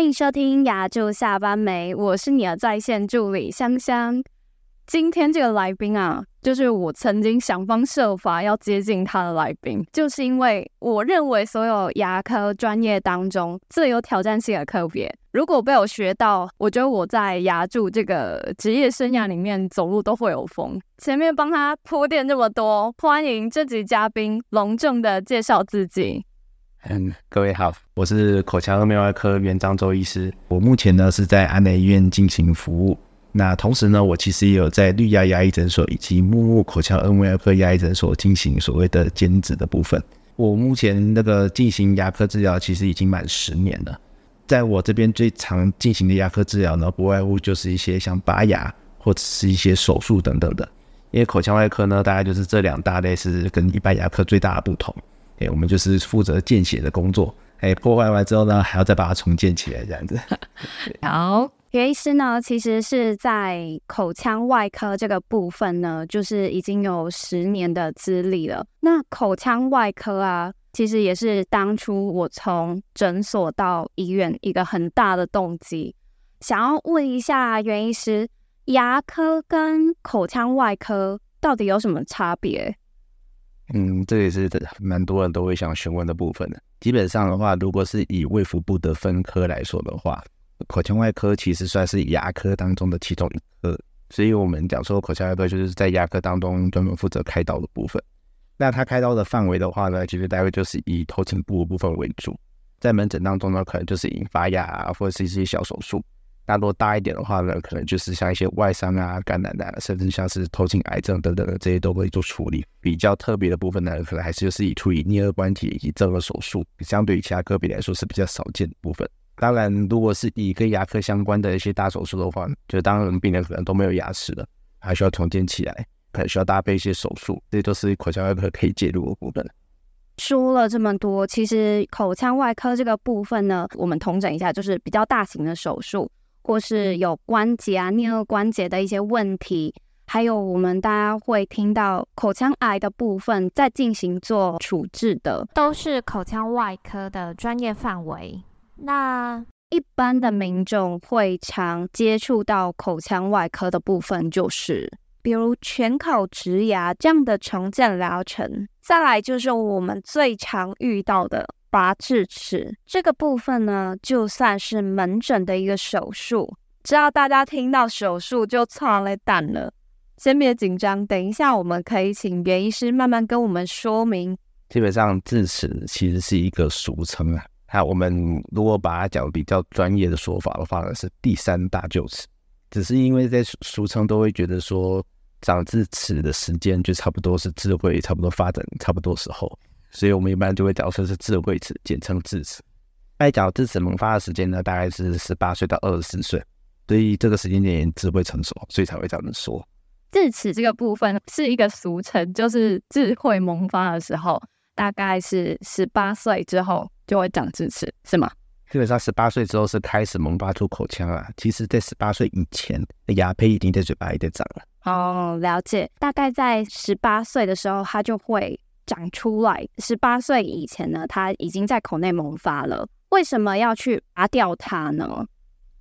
歡迎收聽牙助下班沒？我是你的在線助理香香。今天這個來賓啊，就是我曾經想方設法要接近他的來賓，就是因為我認為所有牙科專業當中最有挑戰性的科別，如果被我學到，我覺得我在牙助這個職業生涯裡面走路都會有風。前面幫他鋪墊這麼多，歡迎這集嘉賓隆重的介紹自己。嗯，各位好，我是口腔頜面外科原長周醫師。我目前呢是在安南醫院進行服務，那同時呢，我其實也有在綠牙牙醫診所以及木木口腔頜面外科牙醫診所進行所謂的兼職的部分。我目前那個進行牙科治療其實已經滿十年了。在我這邊最常進行的牙科治療呢，不外乎就是一些像拔牙或者是一些手術等等的。因為口腔外科呢，大概就是這兩大類是跟一般牙科最大的不同。哎、欸，我們就是負責見血的工作。哎、欸，破壞完之後呢，還要再把它重建起來，這樣子 。好，袁醫師呢，其實是在口腔外科這個部分呢，就是已經有十年的資歷了。那口腔外科啊，其實也是當初我從診所到醫院一個很大的動機。想要問一下袁醫師，牙科跟口腔外科到底有什麼差別？嗯，這也是蠻多人都會想詢問的部分的。基本上的話，如果是以衛福部的分科來說的話，口腔外科其實算是牙科當中的其中一科。所以我們講說，口腔外科就是在牙科當中專門負責開刀的部分。那他開刀的範圍的話呢，其實大概就是以頭頸部部分為主。在門診當中呢，可能就是引發牙啊，或者是一些小手術。那如果大一點的話呢，可能就是像一些外傷啊、肝膽膽，甚至像是頭頸癌症等等的，這些都可以做處理。比較特別的部分呢，可能還是就是以處理顳顎關節以及正顎手術，相對於其他科別來說是比較少見的部分。當然，如果是以跟牙科相關的一些大手術的話，就當然病人可能都沒有牙齒了，還需要重建起來，可能需要搭配一些手術，這些都是口腔外科可以介入的部分。說了這麼多，其實口腔外科這個部分呢，我們統整一下，就是比較大型的手術。或是有關節啊、顳、嗯、頜關節的一些問題，還有我們大家會聽到口腔癌的部分，在進行做處置的，都是口腔外科的專業範圍。那一般的民眾會常接觸到口腔外科的部分，就是比如全口植牙這樣的常見療程，再來就是我們最常遇到的。拔智齒這個部分呢，就算是門診的一個手術。只要大家聽到手術就剉咧等了，先別緊張，等一下我們可以請袁醫師慢慢跟我們說明。基本上，智齒其實是一個俗稱啊，那我們如果把它講得比較專業的說法的話呢，是第三大臼齒。只是因為在俗、俗稱都會覺得說，長智齒的時間就差不多是智慧差不多發展差不多時候。所以我們一般就會講說是智慧齒，簡稱智齒。愛角智齒萌發的時間呢，大概是十八歲到二十四歲，對於這個時間點智慧成熟，所以才會這樣子說。智齒這個部分是一個俗稱，就是智慧萌發的時候，大概是十八歲之後就會長智齒，是嗎？基本上十八歲之後是開始萌發出口腔啊。其實在十八歲以前，牙胚已經在嘴巴裡在長了。哦，了解。大概在十八歲的時候，它就會。長出來，十八歲以前呢，它已經在口內萌發了。為什麼要去拔掉它呢？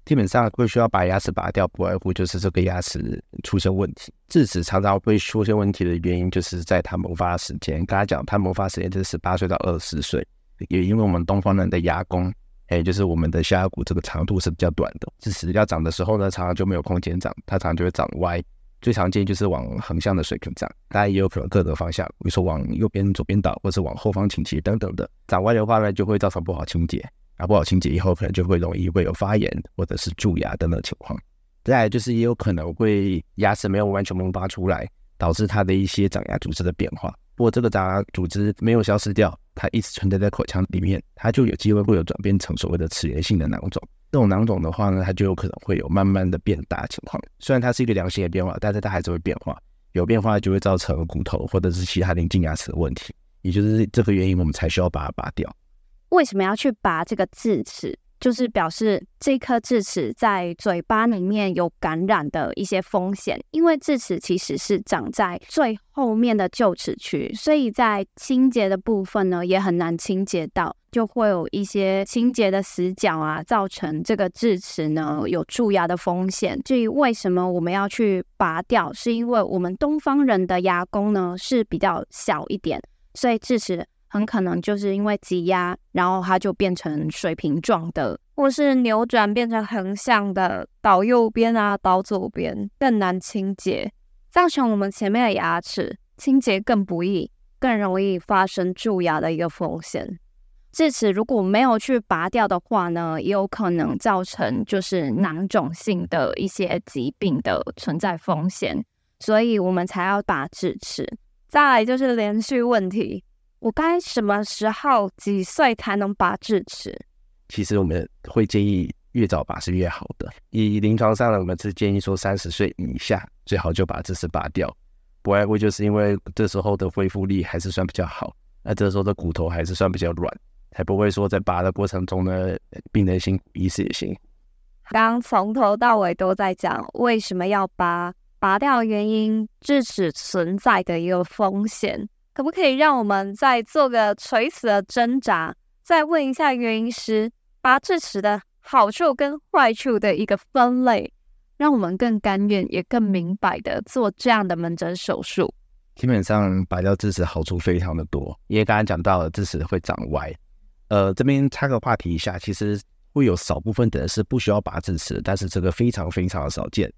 基本上會需要把牙齒拔掉，不外乎就是這個牙齒出現問題。智齒常常會出現問題的原因，就是在它萌發時間。剛才講，它萌發時間就是十八歲到二十歲。也因為我們東方人的牙弓，哎，就是我們的下頜骨這個長度是比較短的，智齒要長的時候呢，常常就沒有空間長，它常常就會長歪。最常見就是往橫向的水平長，當然也有可能各個方向，比如說往右邊、左邊倒，或者是往後方傾斜等等的。長歪的話呢，就會造成不好清潔，啊，不好清潔以後可能就會容易會有發炎或者是蛀牙等等情況。再來就是也有可能會牙齒沒有完全萌發出來，導致它的一些長牙組織的變化。如果這個長牙組織沒有消失掉，它一直存在在口腔裡面，它就有機會會有轉變成所謂的齒源性的囊腫。這種囊腫的話呢，它就有可能會有慢慢的變大的情況。雖然它是一個良性的變化，但是它還是會變化，有變化就會造成骨頭或者是其他鄰近牙齒的問題，也就是這個原因，我們才需要把它拔掉。為什麼要去拔這個智齒？就是表示這顆智齒在嘴巴裡面有感染的一些風險，因為智齒其實是長在最後面的臼齒區，所以在清潔的部分呢，也很難清潔到。就會有一些清潔的死角啊，造成這個智齒呢，有蛀牙的風險。至於為什麼我們要去拔掉，是因為我們東方人的牙弓呢是比較小一點，所以智齒很可能就是因為擠壓，然後它就變成水平狀的，或是扭轉變成橫向的，倒右邊啊，倒左邊，更難清潔，造成我們前面的牙齒清潔更不易，更容易發生蛀牙的一個風險。智齒如果沒有去拔掉的話呢，也有可能造成就是囊腫性的一些疾病的存在風險，所以我們才要拔智齒。再來就是連續問題，我該什麼時候幾歲才能拔智齒？其實我們會建議越早拔是越好的。以臨床上呢，我們是建議說三十歲以下最好就把智齒拔掉，不外乎就是因為這時候的恢復力還是算比較好，那這時候的骨頭還是算比較軟。才不會說在拔的過程中呢，病人辛苦，醫師也辛苦。剛從頭到尾都在講為什麼要拔、拔掉原因、智齒存在的一個風險。可不可以讓我們再做個垂死的掙扎，再問一下原因，是拔智齒的好處跟壞處的一個分類，讓我們更甘願也更明白的做這樣的門診手術。基本上拔掉智齒好處非常的多，因為剛剛講到了智齒會長歪。呃，這邊插個話題一下,其實會有少部分的人是不需要拔智齒，但是這個非常非常的少見。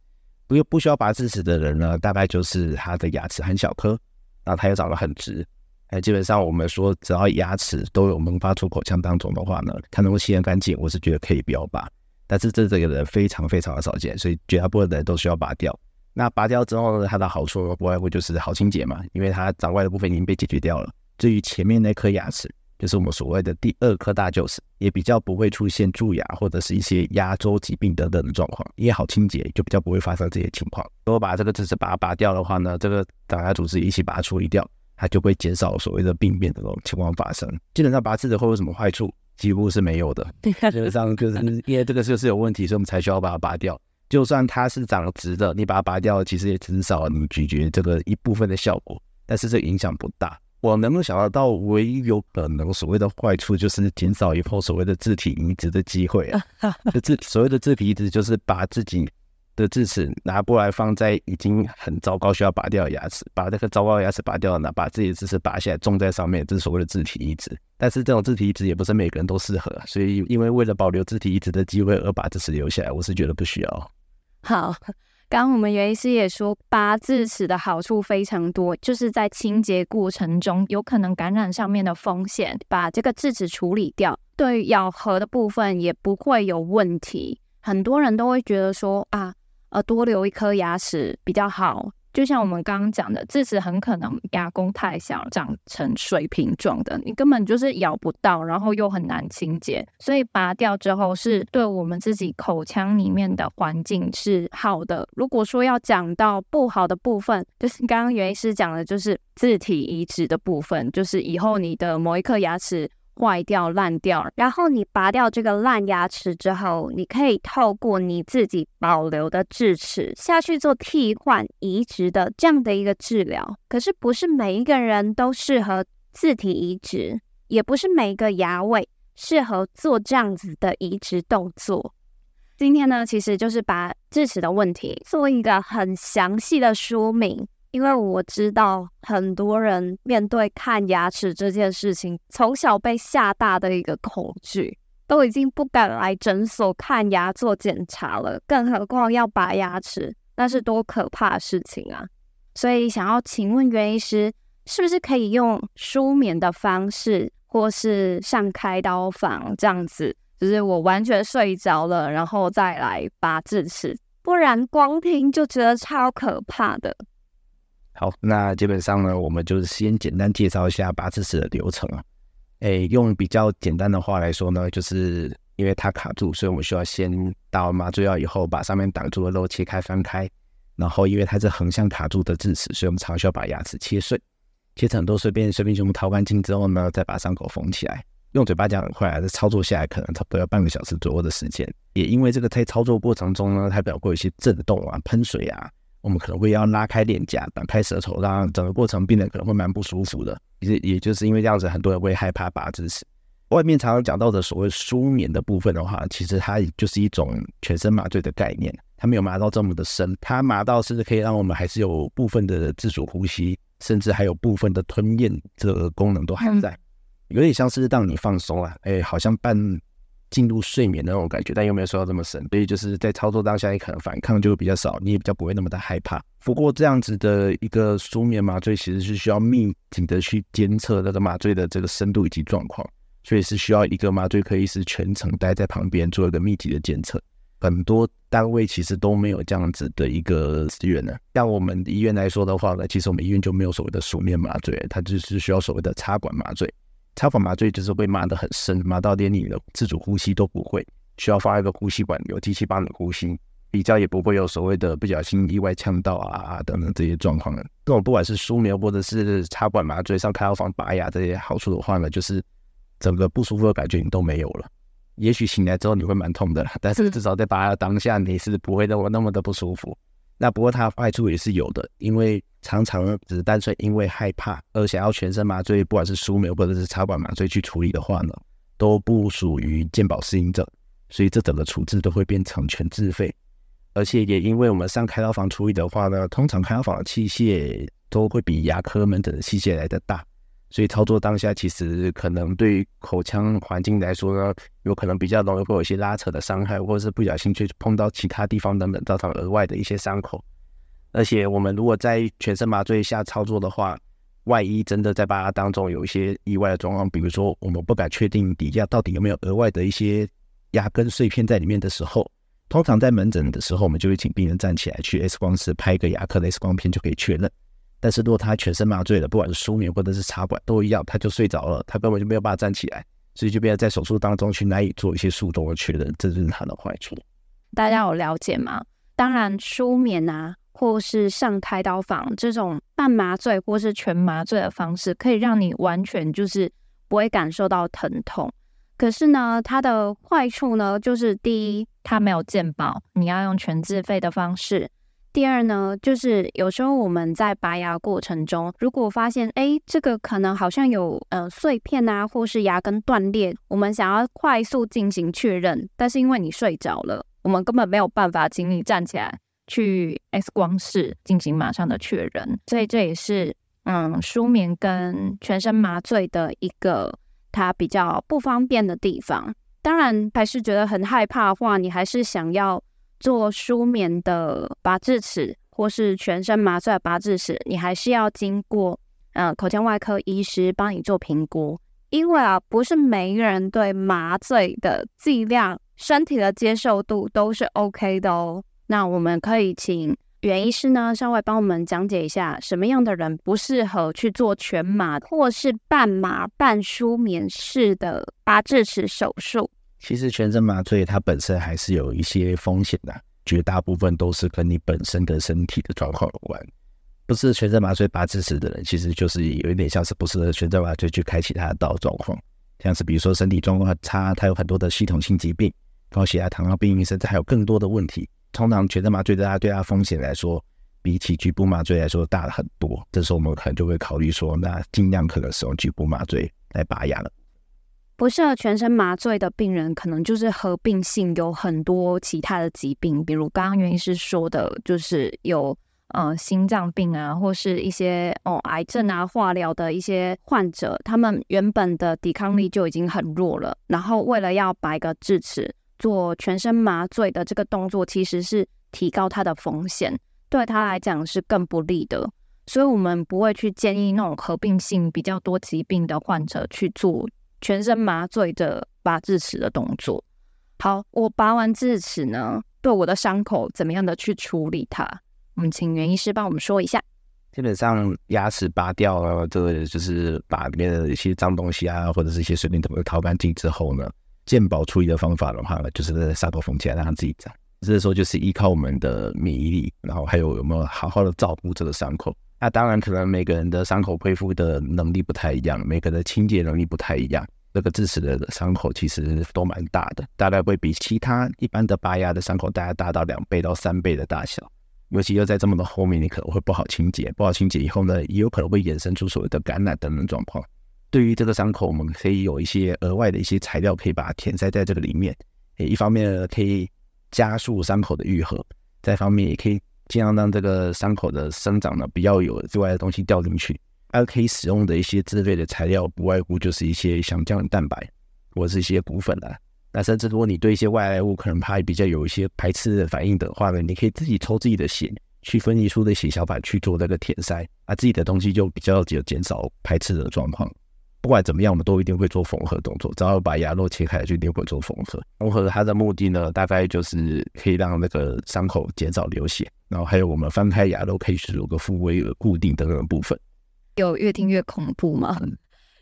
不用，不需要拔智齒的人呢，大概就是他的牙齒很小顆，那他又長得很直。哎、欸，基本上我們說，只要牙齒都有萌發出口腔當中的話呢，它能夠清潔乾淨，我是覺得可以不要拔。但是這這個人非常非常的少見，所以絕大部分的人都需要拔掉。那拔掉之後呢，它的好處不外乎就是好清潔嘛，因為它長歪的部分已經被解決掉了。至於前面那顆牙齒，就是我們所謂的第二顆大臼齒，也比較不會出現蛀牙或者是一些牙周疾病等等的狀況，也好清潔，就比較不會發生這些情況。如果把這個智齒把它拔掉的話呢，這個長牙組織一起把它處理掉，它就會減少所謂的病變的這種情況發生。基本上拔智齒會有什麼壞處，幾乎是沒有的。 基本上就是因為這個就是有問題，所以我們才需要把它拔掉。就算它是長直的，你把它拔掉，其實也減少你咀嚼這個一部分的效果，但是這影響不大。我能不能想得到，唯一有可能所謂的壞處就是減少以後所謂的自體移植的機會啊。 這字所謂的自體移植就是把自己的智齒拿過來放在已經很糟糕需要拔掉的牙齒，把這個糟糕的牙齒拔掉拿，拿把自己的智齒拔下來種在上面，這是所謂的自體移植。但是這種自體移植也不是每個人都適合，所以因為為了保留自體移植的機會而把智齒留下來，我是覺得不需要。好。剛我們袁醫師也說，拔智齒的好處非常多，就是在清潔過程中有可能感染上面的風險，把這個智齒處理掉，對咬合的部分也不會有問題。很多人都會覺得說啊，呃、啊，多留一顆牙齒比較好。就像我們剛剛講的，智齒很可能牙弓太小，長成水平狀的，你根本就是咬不到，然後又很難清潔，所以拔掉之後是對我們自己口腔裡面的環境是好的。如果說要講到不好的部分，就是剛剛袁醫師講的，就是自體移植的部分，就是以後你的某一顆牙齒。壞掉、爛掉，然後你拔掉這個爛牙齒之後，你可以透過你自己保留的智齒下去做替換移植的這樣的一個治療。可是不是每一個人都適合自體移植，也不是每個牙位適合做這樣子的移植動作。今天呢，其實就是把智齒的問題做一個很詳細的說明。因為我知道很多人面對看牙齒這件事情，從小被嚇大的一個恐懼，都已經不敢來診所看牙做檢查了，更何況要拔牙齒，那是多可怕的事情啊！所以想要請問袁醫師，是不是可以用舒眠的方式，或是上開刀房這樣子，就是我完全睡着了，然後再來拔智齒？不然光聽就覺得超可怕的。好，那基本上呢，我們就是先簡單介紹一下拔智齒的流程啊。誒、欸，用比較簡單的話來說呢，就是因為它卡住，所以我們需要先打麻醉藥以後，把上面擋住的肉切開、翻開。然後，因為它是橫向卡住的智齒，所以我們常，常需要把牙齒切碎，切成很多碎片，碎片全部掏乾淨之後呢，再把傷口縫起來。用嘴巴講很快，啊，但操作下來可能差不多要半個小時左右的時間。也因為這個在操作過程中呢，它表過一些震動啊、噴水啊。我們可能會要拉開臉頰，打開舌頭，讓整個過程病人可能會蠻不舒服的。也也就是因為這樣子，很多人會害怕拔智齒。外面常常講到的所謂舒眠的部分的話，其實它也就是一種全身麻醉的概念，它沒有麻到這麼的深，它麻到是可以讓我們還是有部分的自主呼吸，甚至還有部分的吞嚥這個功能都還在，有點像是讓你放鬆啊，哎，好像半。進入睡眠的那種感覺，但又沒有睡到這麼深，所以就是在操作當下，也可能反抗就會比較少，你也比較不會那麼的害怕。不過這樣子的一個舒眠麻醉其實是需要密集的去監測那個麻醉的這個深度以及狀況，所以是需要一個麻醉科醫師全程待在旁邊做一個密集的監測。很多單位其實都沒有這樣子的一個資源呢、啊。像我們醫院來說的話呢，其實我們醫院就沒有所謂的舒眠麻醉，它就是需要所謂的插管麻醉。插管麻醉就是被麻得很深，麻到連你的自主呼吸都不會，需要放一個呼吸管有機器幫你的呼吸。比較也不會有所謂的不小心意外嗆到啊、啊、啊等等這些狀況。這種不管是舒眠或者是插管麻醉上開刀房拔牙這些好處的話呢，就是整個不舒服的感覺你都沒有了。也許醒來之後你會蠻痛的，但是至少在拔牙當下你是不會那麼那麼的不舒服。那不過它壞處也是有的，因為常常只是單純因為害怕而想要全身麻醉，不管是舒眠或者是插管麻醉去處理的話呢，都不屬於健保適應症，所以這整個處置都會變成全自費，而且也因為我們上開刀房處理的話呢，通常開刀房的器械都會比牙科門診的器械來得大。所以操作當下，其實可能對於口腔環境來說呢，有可能比較容易會有一些拉扯的傷害，或者是不小心去碰到其他地方等等，造成額外的一些傷口。而且我們如果在全身麻醉下操作的話，萬一真的在拔牙當中有一些意外的狀況，比如說我們不敢確定底下到底有沒有額外的一些牙根碎片在裡面的時候，通常在門診的時候，我們就會請病人站起來去 X 光室拍一個牙科的 X 光片，就可以確認。但是如果他全身麻醉了，不管是舒眠或者是插管都一樣，他就睡着了，他根本就沒有辦法站起來，所以就不要在手術當中去難以做一些術中的確認，這就是它的壞處。大家有了解嗎？當然，舒眠啊，或是上開刀房這種半麻醉或是全麻醉的方式，可以讓你完全就是不會感受到疼痛。可是呢，它的壞處呢，就是第一，它沒有健保，你要用全自費的方式。第二呢，就是有時候我們在拔牙過程中，如果發現哎，這個可能好像有呃碎片啊，或是牙根斷裂，我們想要快速進行確認，但是因為你睡着了，我們根本沒有辦法請你站起來去 X 光室進行馬上的確認，所以這也是嗯，舒眠跟全身麻醉的一個它比較不方便的地方。當然，還是覺得很害怕的話，你還是想要。做舒眠的拔智齒，或是全身麻醉的拔智齒，你還是要經過，呃，口腔外科醫師幫你做評估，因為啊不是每一個人對麻醉的劑量、身體的接受度都是 OK 的哦。那我們可以請袁醫師呢，稍微幫我們講解一下，什麼樣的人不適合去做全麻或是半麻半舒眠式的拔智齒手術。其實全身麻醉它本身還是有一些風險的、啊，絕大部分都是跟你本身的身體的狀況有關。不是全身麻醉拔智齒的人，其實就是有一點像是不適合全身麻醉去開其他的刀狀況，像是比如說身體狀況很差，他有很多的系統性疾病，高血壓、糖尿病，甚至還有更多的問題。通常全身麻醉對他對他風險來說，比起局部麻醉來說大了很多。這時候我們可能就會考慮說，那盡量可能使用局部麻醉來拔牙了。不適合、啊、全身麻醉的病人，可能就是合併性有很多其他的疾病，比如剛剛袁醫師說的，就是有嗯、呃、心臟病啊，或是一些哦癌症啊化療的一些患者，他們原本的抵抗力就已經很弱了。然後為了要拔個智齒，做全身麻醉的這個動作，其實是提高他的風險，對他來講是更不利的。所以，我們不會去建議那種合併性比較多疾病的患者去做。全身麻醉的拔智齒的動作，好，我拔完智齒呢，對我的傷口怎麼樣的去處理它？我們請袁醫師幫我們說一下。基本上牙齒拔掉了，這個就是把裡面的一些髒東西啊，或者是一些碎粒子都掏乾淨之後呢，健保處理的方法的話呢，就是在傷口縫起來，讓它自己長。這時候就是依靠我們的免疫力，然後還有有沒有好好的照顧這個傷口。那當然，可能每個人的傷口恢復的能力不太一樣，每個人的清潔能力不太一樣。這個智齒的傷口其實都蠻大的，大概會比其他一般的拔牙的傷口大概大到兩倍到三倍的大小。尤其又在這麼的後面，你可能會不好清潔，不好清潔以後呢，也有可能會衍生出所謂的感染等等狀況。對於這個傷口，我們可以有一些額外的一些材料，可以把它填塞在這個裡面，也一方面可以加速傷口的癒合，再方面也可以。盡量讓這個傷口的生長呢，比較有意外的東西掉進去，還可以使用的一些自費的材料，不外乎就是一些像膠原蛋白或者是一些骨粉啦。那甚至如果你對一些外來物可能怕比較有一些排斥的反應的話呢，你可以自己抽自己的血，去分離出的血小板去做那個填塞，啊，自己的東西就比較減減少排斥的狀況。不管怎麼樣，我們都一定會做縫合動作。只要把牙肉切開，就一定會做縫合。縫合它的目的呢，大概就是可以讓那個傷口減少流血，然後還有我們翻開牙肉，可以有個復位和固定等等部分。有越聽越恐怖嗎？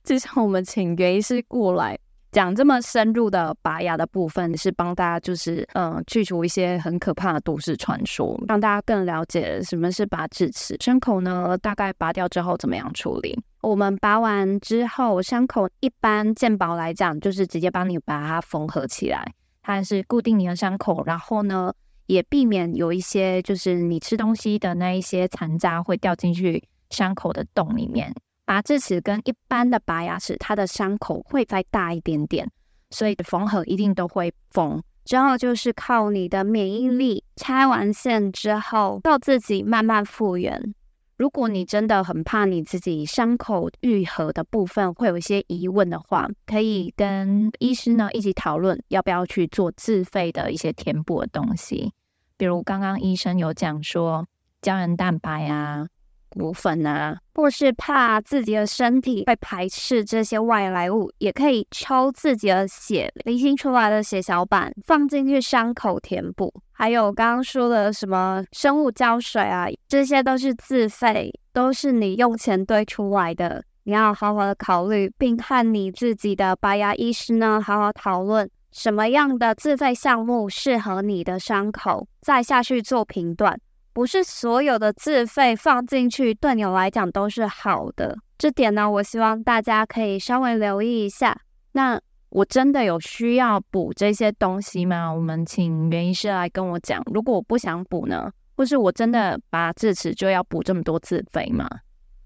就、嗯、像我們請袁醫師過來。講這麼深入的拔牙的部分，是幫大家就是嗯去除一些很可怕的都市傳說，讓大家更了解什麼是拔智齒，傷口呢，大概拔掉之後怎麼樣處理？我們拔完之後傷口一般健保來講，就是直接幫你把它縫合起來，它是固定你的傷口，然後呢也避免有一些就是你吃東西的那一些殘渣會掉進去傷口的洞裡面。拔智齒跟一般的拔牙齒，它的傷口會再大一點點，所以縫合一定都會縫。之後就是靠你的免疫力，拆完線之後到自己慢慢復原。如果你真的很怕你自己傷口愈合的部分會有一些疑問的話，可以跟醫師呢一起討論要不要去做自費的一些填補的東西，比如剛剛醫生有講說膠原蛋白啊。骨粉啊，或是怕自己的身體會排斥這些外來物，也可以抽自己的血，離心出來的血小板放進去傷口填補。還有剛剛說的什麼生物膠水啊，這些都是自費，都是你用錢堆出來的，你要好好的考慮，並看你自己的拔牙醫師呢好好討論什麼樣的自費項目適合你的傷口，再下去做評斷。不是所有的自費放進去，對你來講都是好的。這點呢，我希望大家可以稍微留意一下。那我真的有需要補這些東西嗎？我們請袁醫師來跟我講。如果我不想補呢，或是我真的拔智齒就要補這麼多自費嗎？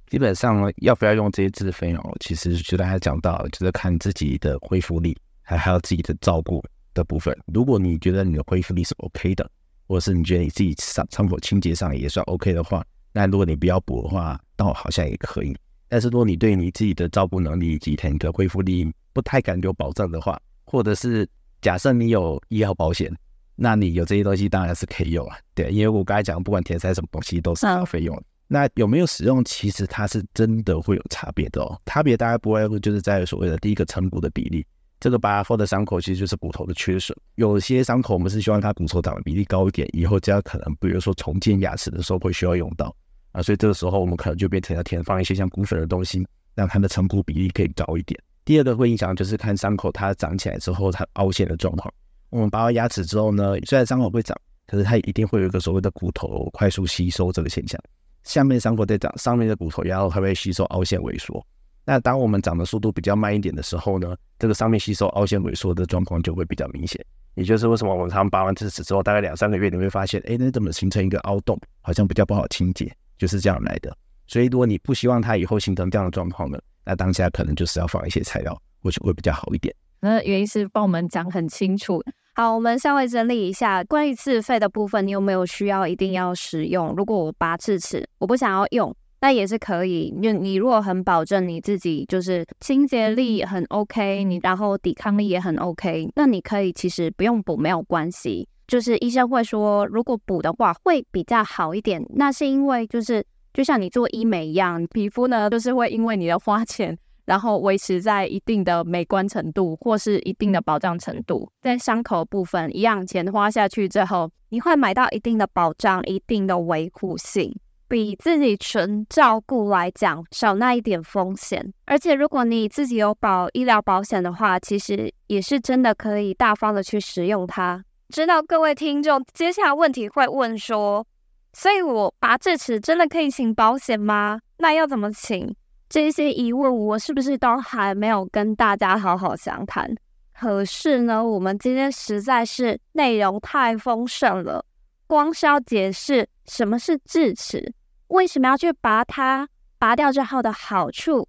基本上要不要用這些自費哦，其實就大家講到，就是看自己的恢復力，還有自己的照顧的部分。如果你覺得你的恢復力是 OK 的。或者是你覺得你自己上，傷口清潔上也算 OK 的話，那如果你不要補的話，倒好像也可以。但是如果你對你自己的照顧能力以及你的恢復力不太敢有保障的話，或者是假設你有醫療保險，那你有這些東西當然是可以有啊。對，因為我剛才講，不管填塞什麼東西都是要費用。那有沒有使用，其實它是真的會有差別的哦。差別大概不外乎就是在所謂的第一個成骨的比例。這個拔牙後的傷口其實就是骨頭的缺損，有些傷口我們是希望它骨頭長的比例高一點，以後這樣可能比如說重建牙齒的時候會需要用到啊，所以這個時候我們可能就變成要填放一些像骨粉的東西，讓它的成骨比例可以高一點。第二個會影響就是看傷口它長起來之後它凹陷的狀況。我們拔完牙齒之後呢，雖然傷口會長，可是它一定會有一個所謂的骨頭快速吸收這個現象。下面傷口在長，上面的骨頭然後它會吸收凹陷萎縮。那當我們長的速度比較慢一點的時候呢，這個上面吸收凹陷萎縮的狀況就會比較明顯。也就是為什麼我們常常拔完智齒之後，大概兩三個月，你會發現，哎，那怎麼形成一個凹洞，好像比較不好清潔，就是這樣來的。所以如果你不希望它以後形成這樣的狀況呢，那當下可能就是要放一些材料，或許會比較好一點。那袁醫師幫我們講很清楚。好，我們稍微整理一下關於自費的部分，你有沒有需要一定要使用？如果我拔智齒，我不想要用。那也是可以，你你如果很保證你自己就是清潔力很 OK，你然後抵抗力也很 OK，那你可以其實不用補沒有關係。就是醫生會說，如果補的話會比較好一點。那是因為就是就像你做醫美一樣，皮膚呢就是會因為你的花錢，然後維持在一定的美觀程度或是一定的保障程度。在傷口部分一樣，錢花下去之後，你會買到一定的保障，一定的維護性。比自己純照顧來講少那一點風險，而且如果你自己有保醫療保險的話，其實也是真的可以大方的去使用它。知道各位聽眾接下來問題會問說，所以我拔智齒真的可以請保險嗎？那要怎麼請？這些疑問我是不是都還沒有跟大家好好詳談？可是呢，我們今天實在是內容太豐盛了，光是要解釋什麼是智齒。為什麼要去拔它？拔掉之後的好處、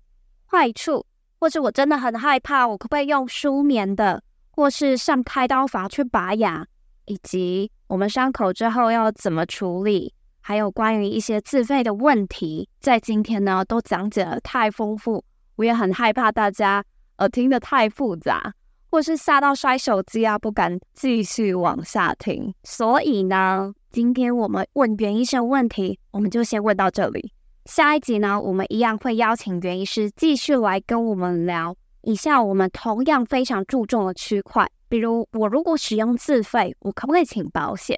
壞處，或者我真的很害怕，我可不可以用舒眠的，或是上開刀房去拔牙，以及我們傷口之後要怎麼處理，還有關於一些自費的問題，在今天呢都講解得太豐富，我也很害怕大家呃聽得太複雜，或是嚇到摔手機啊，不敢繼續往下聽，所以呢。今天我們問袁醫生問題，我們就先問到這裡。下一集呢，我們一樣會邀請袁醫師繼續來跟我們聊以下我們同樣非常注重的區塊，比如我如果使用自費，我可不可以請保險？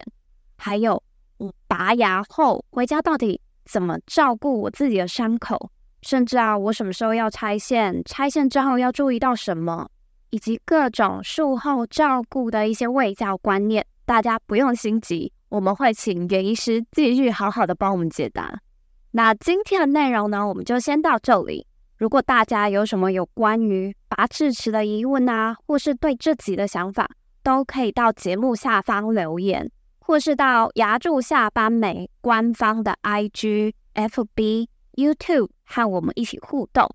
還有我拔牙後回家到底怎麼照顧我自己的傷口？甚至啊，我什麼時候要拆線？拆線之後要注意到什麼？以及各種術後照顧的一些衛教觀念，大家不用心急。我們會請袁醫師繼續好好的幫我們解答。那今天的內容呢，我們就先到這裡。如果大家有什麼有關於拔智齒的疑問啊，或是對自己的想法，都可以到節目下方留言，或是到牙助下班沒官方的 IG、FB、YouTube 和我們一起互動。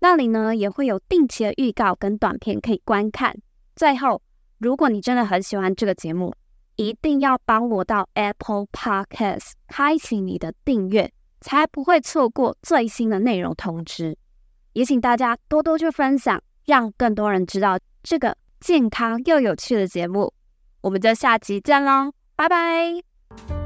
那裡呢，也會有定期的預告跟短片可以觀看。最後，如果你真的很喜歡這個節目，一定要幫我到 Apple Podcast 開啟你的訂閱，才不會錯過最新的內容通知。也請大家多多去分享，讓更多人知道這個健康又有趣的節目。我們就下集見嘍，拜拜。